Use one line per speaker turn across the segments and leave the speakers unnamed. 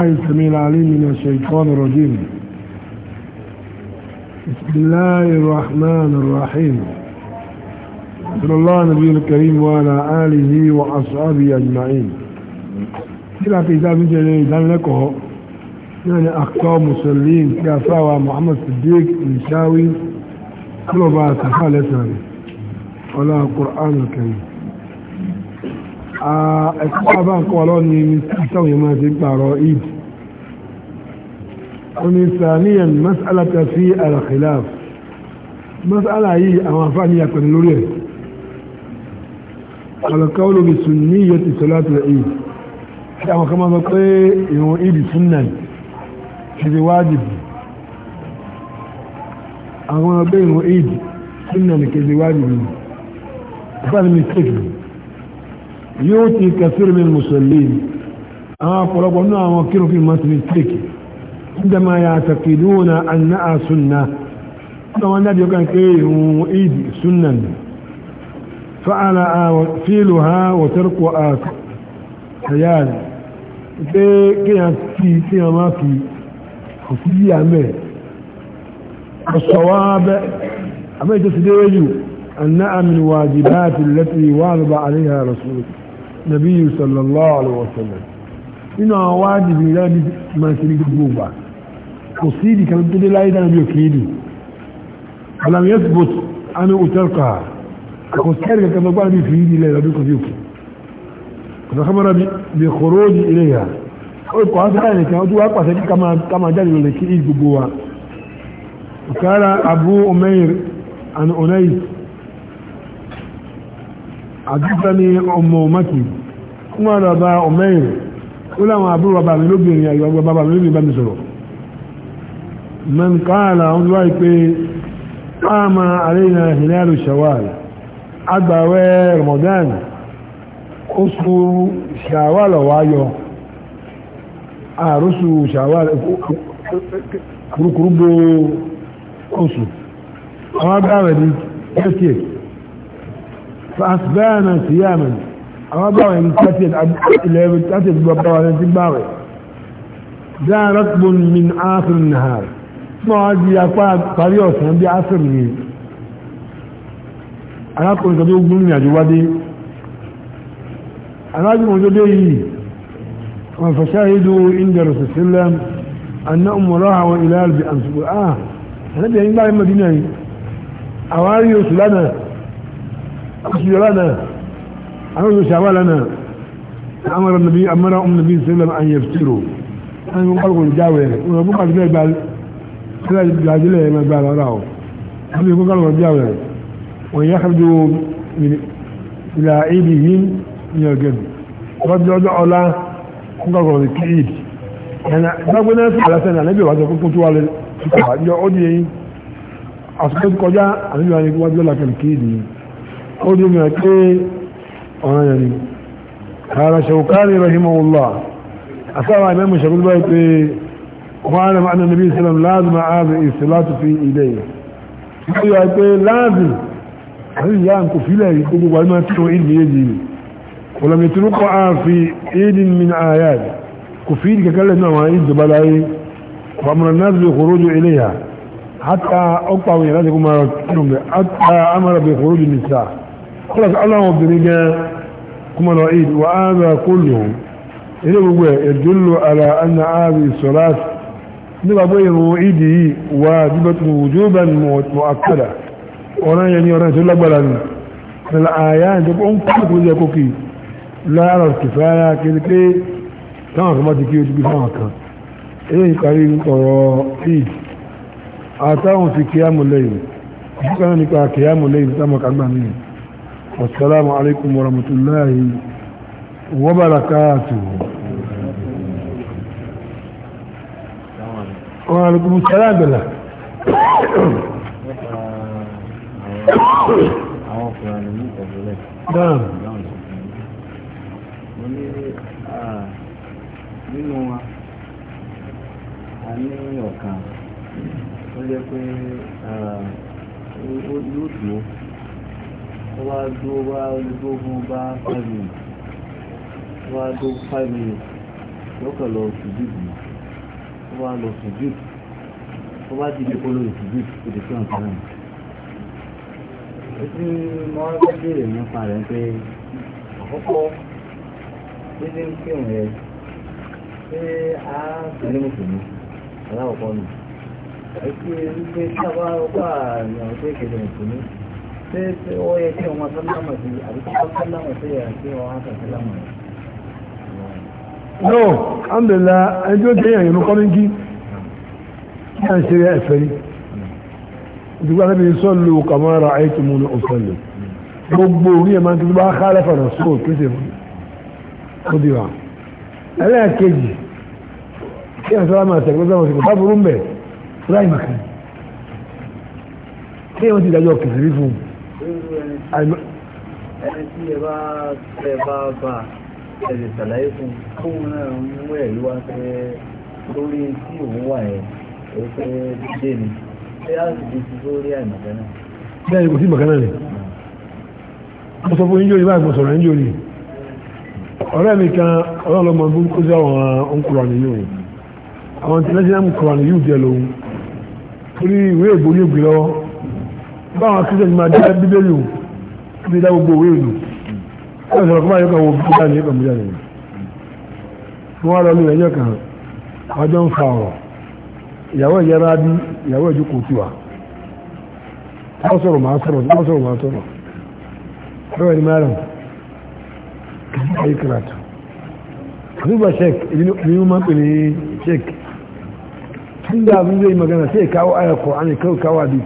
الله السميع العليم من الشيطان الرجيم بسم الله الرحمن الرحيم صلى الله على نبي الكريم وعلى آله وأصحابه أجمعين كلا في كتاب جليل دان لكم يعني أخطاء مسلمين كافاوة محمد صديق الشاوي كل بعض تفعل ولا القرآن الكريم ẹ̀sùn bàbá ń kọ́ lọ́ni ìtàwọn èèyàn máa ti ń pààrọ̀ eid oní sàníyàn masalata sí al-khilaf masala yìí àwọn afáàní àpẹẹrẹ lórí ẹ̀ alqawlu bi sunniyyati salati al-eid ṣe àwọn kan máa sọ pé ìwọ̀n eid sunnan ṣe ti wájib àwọn ọgbẹ́ ìwọ̀n eid sunnan kejì wájib ní ìfáàní mistake يؤتي كثير من المسلمين آه قلقنا وكيروا في المسلمين عندما يعتقدون أنها سنة لو النبي كان كيه إيد سنة فعل فيلها وترك آخر حيال كي كيه كيه ما في kòsíyà mẹ́ الصواب abẹ́jọ́ sí déwéjú annáàmin wàjìbáàtì lẹ́tí wà lọ́bà àríhà rasulùkù nàbí sallallahu alaihi wasallam nínú àwọn wáàdì mi láti máa ṣe ní gbogbo ìgbà kò sí ìdí kan tó dé láyé dára bí òkè ìdí alam yathbut ana utarka kò sẹ́rì kankan tó gbára bí fi ìdí lẹ́yìn lọ́dún kan sí òkè kò sọ́kàmọ́ra bí kòrójì ilé yà ó kọ́ ására nìkan ó tún wá pàṣẹ kí ká máa jáde lọ́lẹ̀ kí ìdí wa kò sára Abu Umair and Unais حدثني أم أمتي عمر أبا عمير ولا ما أبو بابا من لبني أيوة بابا من لبني بمسرو من قال عن ذلك قام علينا هلال الشوال أدوى رمضان أصل شوال وعيو أرسل شوال كركربو أصل أما بعد 58 فأسبانا سياما أربعة يمتاتي يمتاتي ببابا ونتباوي جاء ركب من آخر النهار ما عاد يقال طريقه سنبي عصر مين arákùnrin kan tó gún ní àjọwádé alájùmọ̀ tó dé yìí wọn fàṣá ìdó inda rasulullah anna umaraha wa ilal bi an subu ah alábìyàn gbáyé madina yìí àwárí oṣù lánàá أشهر لنا أعوذ شعبا لنا أمر النبي أمر أم النبي صلى الله عليه وسلم أن يفتروا أن من قلقوا الجاوة ونبقى في ذلك بعد لا ما بعد أراه هم يكون قلقوا ويخرجوا من إلى عيدهم من الجنة رجعوا دعوا لا قلقوا الكعيد أنا ما ناس على سنة نبي وعزة كنت والي أصبحت قجاء أصبحت قجاء أصبحت قجاء أصبحت قجاء ó dí mẹ́ pé ọ̀nà yẹn ni kààrà ṣaukari rahimahullah asáwà imẹ́mù ṣagul báyìí pé wọ́n na ma'ana nabi sallam láàzù ma áàzù ìsìlátù fi ilẹ̀ yìí ó yà pé láàzù àti ìyá nkò fílẹ̀ gbogbo wà ní tí ó ìdí méjì ni ولم يتركوا في عيد من آيات كفيل ككلنا مع عيد بلاي وأمر الناس بالخروج إليها حتى أقطعوا إلى ذلك حتى أمر بخروج النساء kọ́lọ̀sí aláwọ̀ obìnrin gan kúmọ̀lọ̀ eid wà á bá kúlù ilé gbogbo ẹ̀ dúlù ara anna ààrẹ sọ́lát nígbà bó ìrùn eid yìí wà díbẹ̀tún wùjúbẹ̀ mọ̀ àkàdà ọ̀rọ̀ yẹn ni ọ̀rọ̀ tó lágbára ni nílá àyà tó ń kọ́ tó jẹ́ kókì lára kìfáyà kiri pé táwọn kan bá ti àtàwọn ti kíámù lẹ́yìn ìfúkànnà nípa kíámù lẹ́yìn táwọn kan gbà mí والسلام عليكم ورحمة الله وبركاته وعليكم السلام بالله نعم
nínú wa a ní ọ̀kan ó jẹ́ pé yóò dúró wá do wá do bá ba minutes wá do five minutes lọ́kàn lọ sùdíìpù wá lọ sùdíìpù ó bá dìde kó lórí sùdíìpù kò dé sí ọ̀kan náà ètí mo wá fẹ́ béèrè nípa rẹ̀ pé àkọ́kọ́ títí ń kírun rẹ̀ ṣé a tẹ̀lé mùsùlùmí aláwọ̀kọ́ nù ètí wípé tí a bá rọ́pà ní àwọn tó kéde mùsùlùmí sai tsawo ya ce wa sallama su a cikin sallama sai ya ce wa haka sallama no
alhamdulillah an jo ke yan rukunin ki an shirya ifari duk ana bi sallu kamar ra'aytu mun usalli gbogbo orí ẹ̀ máa ń tó khalafa rasul tó ṣe fún ó di wa ẹlẹ́ẹ̀kejì kí ẹ̀ sọ́lá máa tẹ̀gbọ́n sọ́lá máa tẹ̀gbọ́n sáfúrú ń bẹ̀ láì màkàn kí ẹ̀ wọ́n ti
ẹni tí ẹ bá tẹ bá bá ẹ̀rẹ̀ ṣàlàyé fún fún náà mú ẹ̀rí wá fẹ́ lórí tí òun wà ẹ̀ ẹ̀ fẹ́ dé ni ṣé á sì ti lórí
àìmọ̀kẹ́ náà. bẹ́ẹ̀ ni kò sí ìmọ̀kẹ́ náà rẹ̀ mo sọ fún yín yóò yí báyìí sọ̀rọ̀ yín yóò ọ̀rẹ́ mi kan ọlọ́run lọ́mọ bí ó jẹ́ àwọn òǹkùrọ̀ nìyí o àwọn international òǹkùrọ̀ nìyí ò jẹ́ lòun torí ìwé ìgbóni báwọn kírísẹ̀n máa dá bíbélì ò bí dá gbogbo owó ìlú ẹ̀rọ sọ̀rọ̀ kọ́mọ̀ yóò kàn wọ bí dáni ẹ̀kọ́ múlẹ̀ nìyẹn wọ́n á lọ ní ẹjọ́ kan ọjọ́ ń fa ọ̀rọ̀ ìyàwó ẹ̀yẹ bá bí ìyàwó ẹ̀jú kò tiwa wọ́n sọ̀rọ̀ máa sọ̀rọ̀ wọ́n sọ̀rọ̀ máa sọ̀rọ̀ bẹ́ẹ̀ ni mẹ́rin kìí ayé kìràtù àdúgbò sheik ni wọ́n máa ń pè ní sheik tun da abin zai magana sai kawo ayar ƙorani kawai kawo abin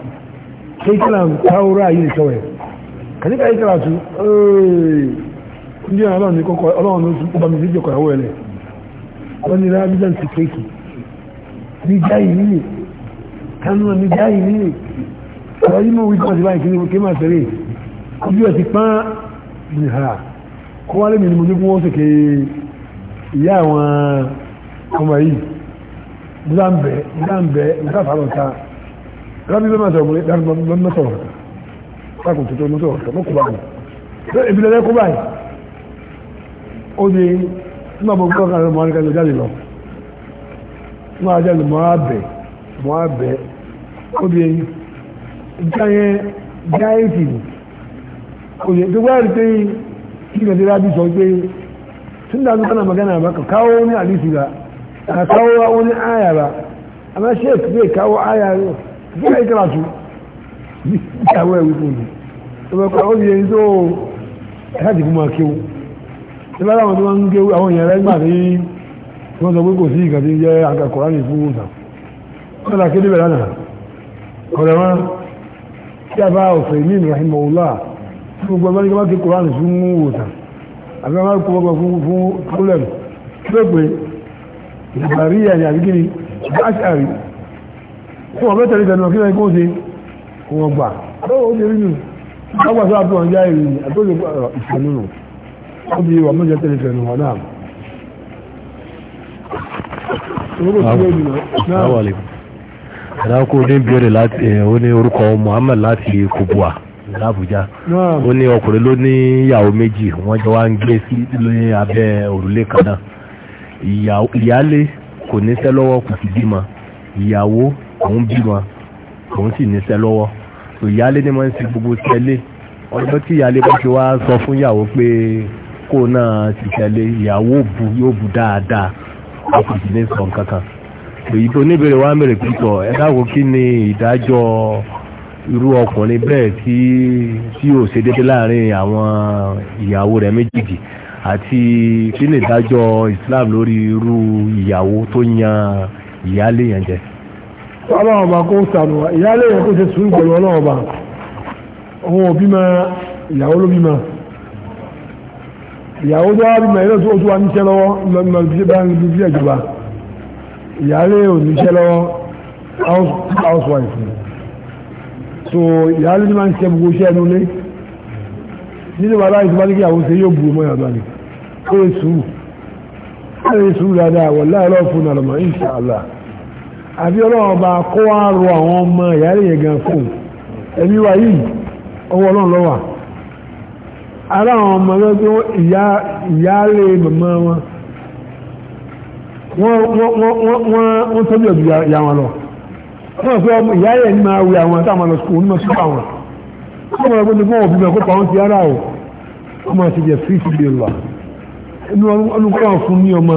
sai kana kawo ra'ayi da kawai ka ji ka yi karatu kun eh, jiya ọlọ́run ní kọ́kọ́ ọlọ́run ló sún kọ́bà mi sí jẹ́kọ̀ ìyàwó ẹ̀lẹ̀ wọ́n ni rárá bíjá ti kéèkì ní jáì nílé kánú ní jáì nílé ọ̀rọ̀ yìí mọ̀ wípé wọ́n ti báyìí kí kí máa sẹ́rẹ̀ ojú ẹ̀ ti pán ní ha kó wálé mi ni mo ní kí wọ́n sèké ìyá àwọn ọmọ yìí nígbà ń bẹ̀ nígbà ń bẹ̀ nígbà fàlọ́ta rabi bẹ́ẹ̀ máa sọ̀rọ̀ mọ́lẹ́ dáná bẹ́ẹ̀ máa sọ̀rọ̀ kàkà káàkùn tuntun mọ́ sọ̀rọ̀ kàkà kó báyìí bẹ́ẹ̀ ibi lẹ́lẹ́ kó báyìí ó di nígbà bọ́ kọ́ kàrẹ́ mọ́ àríkà jáde lọ nígbà jáde mọ́ àbẹ̀ mọ́ àbẹ̀ ó di ìjáyẹ jáyẹ́sì ni ó di tó wáyé pé kí ni ti rábì sọ pé tun da zuwa kana magana ba ka kawo wani hadisi ba ka kawo wani aya ba amma shek zai kawo aya ne suka yi karatu ya waya wípé ni ọmọ ẹ̀kọ́ ó yẹ tó ẹ̀ka jìkú máa kéwú tí lára àwọn tí wọ́n ń kéwú àwọn èèyàn rẹ̀ gbà ní wọ́n sọ pé kò sí jẹ́ àga fún là kéde bẹ̀rẹ̀ náà wọn a bá ọ̀sẹ̀ ní tí gbogbo ẹgbẹ́ fún àbí wọn kó gbogbo fún fún problem tí ó tí wọ́n mẹ́tẹ̀lẹ̀ ìdẹ̀nà kí lẹ́yìn kó ṣe wọ́n gbà àtọ́wọ́ ó ṣe rí nù lọ́gbàtọ́ àti wọn já ìrìn àtọ́jọ ìṣẹ̀lú nù ó di wọ́n mẹ́jẹ tẹ̀lé ìfẹ̀nù wọn náà
ẹ̀dáko ní bẹ̀rẹ̀ láti eh, ó ní orúkọ Muhammad láti Kubwa l'Abuja ó ní ọkùnrin ló ní ìyàwó méjì wọ́n jọ wá ń gbé sí abẹ́ òrùlé kan náà ìyálé kò ní sẹ́ kò sì bímọ ìyàwó òun bímọ òun sì níṣẹ́ lọ́wọ́ tó ìyáálé ní máa ń ṣe gbogbo tẹ́lé ọjọ́ tí ìyáálé bá ti wá sọ fún ìyàwó pé kó náà ti tẹ́lé ìyàwó bu yóò bu dáadáa a kò sì ní sọ nǹkan èyí tó níbèrè wá ń bèrè pípọ̀ ẹ dáwọ́ kí ni ìdájọ́ irú ọkùnrin bẹ́ẹ̀ tí tí ò ṣe déédéé láàrin àwọn ìyàwó rẹ̀ méjèèjì àti kí ni ìdájọ́ Islam lórí irú ìyàwó tó yan ìyáálé yẹn jẹ
ọlọ́run ọba kó sànù wa ìyáálé yẹn kó ṣe sùúrù pẹ̀lú ọlọ́run ọba òun òbí ma ìyàwó ló bí ma ìyàwó tó wá bí ma ilé tó wá níṣẹ́ lọ́wọ́ lọ́nà ìṣe bá ń bí sí ìjọba ò níṣẹ́ lọ́wọ́ housewife so ìyáálé ni máa ń ṣe gbogbo iṣẹ́ ẹnu lé nínú bàbá yìí tó bá ní kí àwọn ṣe yóò bu ọmọ yàrá ni ó lè sùúrù àbí ọlọ́run ọba kó wá àwọn ọmọ ìyáre yẹn gan fún ẹbí wa yìí ọwọ́ ọlọ́run lọ́wà ara àwọn ọmọ lọ́gbọ́n ìyáre màmá wọn wọ́n tọ́jú ya wọn lọ wọ́n fẹ́ ọmọ ìyá yẹn máa wí àwọn táwọn lọ sùkúl nímọ̀ sùkúl àwọn wọ́n mọ̀ òbí ti ara o wọ́n máa ti jẹ fíìsì bí fún ní ọmọ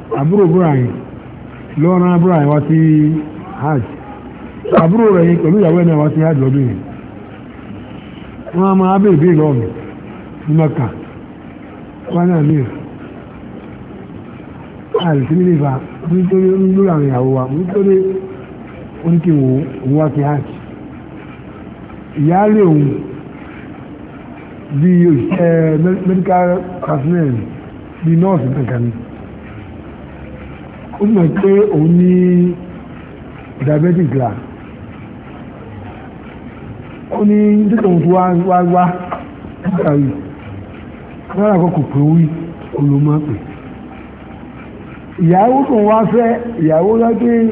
àbúrò brian lọ́ọ̀rán brian wá sí hajj àbúrò rẹ̀ yìí pẹ̀lú ìyàwó ẹ̀nà wá sí hajj lọ́dún yìí wọ́n á máa bèèrè bèèrè lọ́ọ̀mù ní maka wọ́n náà ní àìsí nílé ìfà nítorí lórí àwọn ìyàwó wa nítorí oníkèwò òun wá sí hajj ìyáálé òun bíi òṣìṣẹ́ medical personnel bíi nọ́ọ̀sì kankan ni ó mọ̀ pé òun ní diabetic glass ó ní títí òun tó wá wá wá nígbà yìí lára àkọ́kọ́ pé wí olùmọ̀ pé ìyàwó tó wá fẹ́ ìyàwó lọ́dún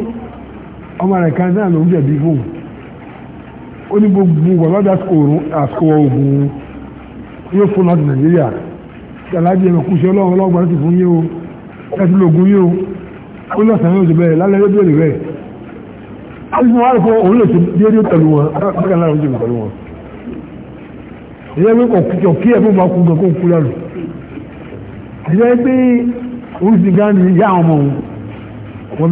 ọmọ rẹ̀ kan náà ló ń jẹ̀bi fóun ó ní gbogbo bàbá àsìkò oògùn yóò fún láti nàìjíríà tí aláàjì ẹ̀mẹ̀kú ṣe ọlọ́run ọlọ́gbà láti fún o láti lògùn yíò ó lọ́sàn yóò ti bẹ̀rẹ̀ lálẹ́ yóò bẹ̀rẹ̀ bẹ̀rẹ̀ alùpùpù wà fún òun lè ti déédéé pẹ̀lú wọn bẹ́ẹ̀ náà lójú pẹ̀lú wọn ìyá mi kọ̀ kíkọ̀ kí ẹ̀fọ́ bá kú gan kó kú lálù ìyá yẹn pé òun ti gan ni ìyá àwọn ọmọ òun wọn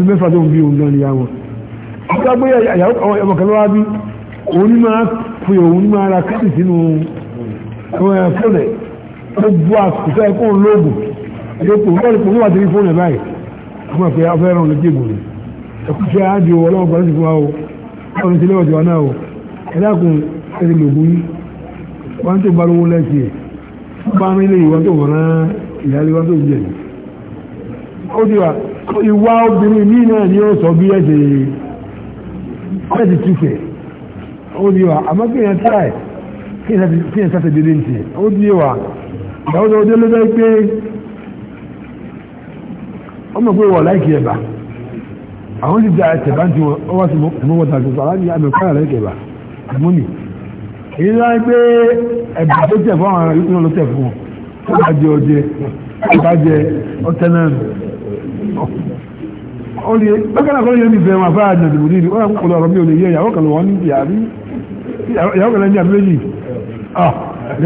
bí mẹ́fà tó ń fún àpẹẹ afẹ́ràn lójú ìgbòrè ẹkùnṣẹ́ àjò ọlọ́wọ́ pàṣẹ fún wa o ọ̀run sílẹ̀ ọ̀dọ̀ náà o ẹ̀dàkùn ẹ̀sẹ̀ lògùn yìí wọ́n tó balówó lẹ́sì ẹ̀ bá mi ti ni sọ ti ọmọ pé wọ̀ láìkì ẹ̀bà àwọn ti da ẹ̀tẹ̀bá tí wọ́n wá sí mọ́wọ́ta àgbẹ̀kọ́ aláàbí àmẹ́kọ́ láìkì ẹ̀bà àmúnì èyí ló wáyé pé ẹ̀bà tó tẹ̀ fún àwọn ará yóò lọ tẹ̀ fún wọn ó bá jẹ ọjẹ ó bá jẹ ọtẹ náà ó lè bákan àkọ́lé yóò nífẹ̀ẹ́ wọn afárá àdìmọ̀ ní ìlú ọ̀rọ̀ kọlọ̀ ọ̀rọ̀ mi ò lè yẹ ìyàwó kọlọ̀ wọn ní ìyàrí ìyàwó kọlọ̀ ní àbúrẹ́jì ọ̀ ni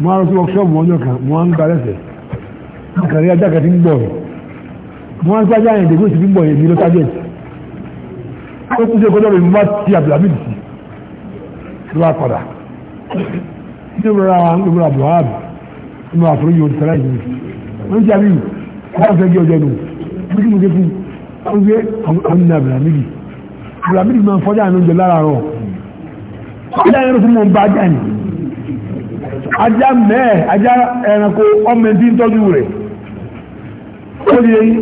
mo á lọ sí workshop ọjọ́ kan mo á ń gba lẹ́sẹ̀ kàrí ajá kan ti ń bọ̀ rẹ̀ mo á ń sájà yẹn dègbò ti fi ń bọ̀ yẹn mi ló target ó tún ṣe kọjọ́ rẹ̀ mo bá ti abdulhamid sí ló wá padà ní ìmúra wa ń gbọ́dọ̀ abdulhamid ní mo àfúrú yìí òtítọ́ yìí wọ́n ti àbí wọ́n fẹ́ gé ọjọ́ nù bí kí mo gé fún un wọ́n gé àwọn ní abdulhamid abdulhamid máa ń fọ́jà àná oúnjẹ lára rọ̀ ọjà yẹn ló fún mọ́ ń bá ajá yẹn ajá mẹ́ẹ̀ ajá ẹranko ọmọ tí ń tọ́jú rẹ̀ ó lè yí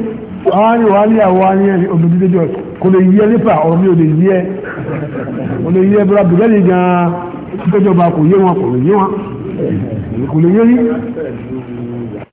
wá ní wà ní àwọn ní ọmọ tí tẹ́jọ́ kò lè yí ẹ nípa ọ̀rọ̀ mi ò lè yí ẹ kò lè yí ẹ bọ́lá bùgẹ́lì gan-an tẹ́jọba kò yé wọn kò lè yé wọn kò lè yé rí